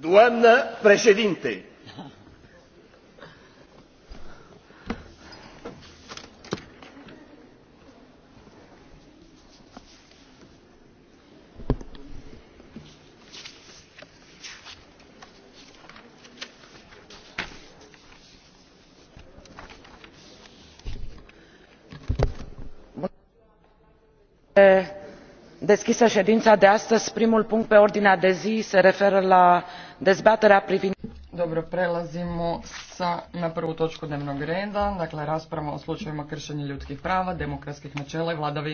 Doamnă președinte, deschisă ședința de astăzi primul punct pe ordinea de zi se referă la dezbaterea privind dobro prelazimo sa, na prvu točku dnevnog reda dakle rasprava o slučajevima kršenja ljudskih prava demokratskih načela i vladavine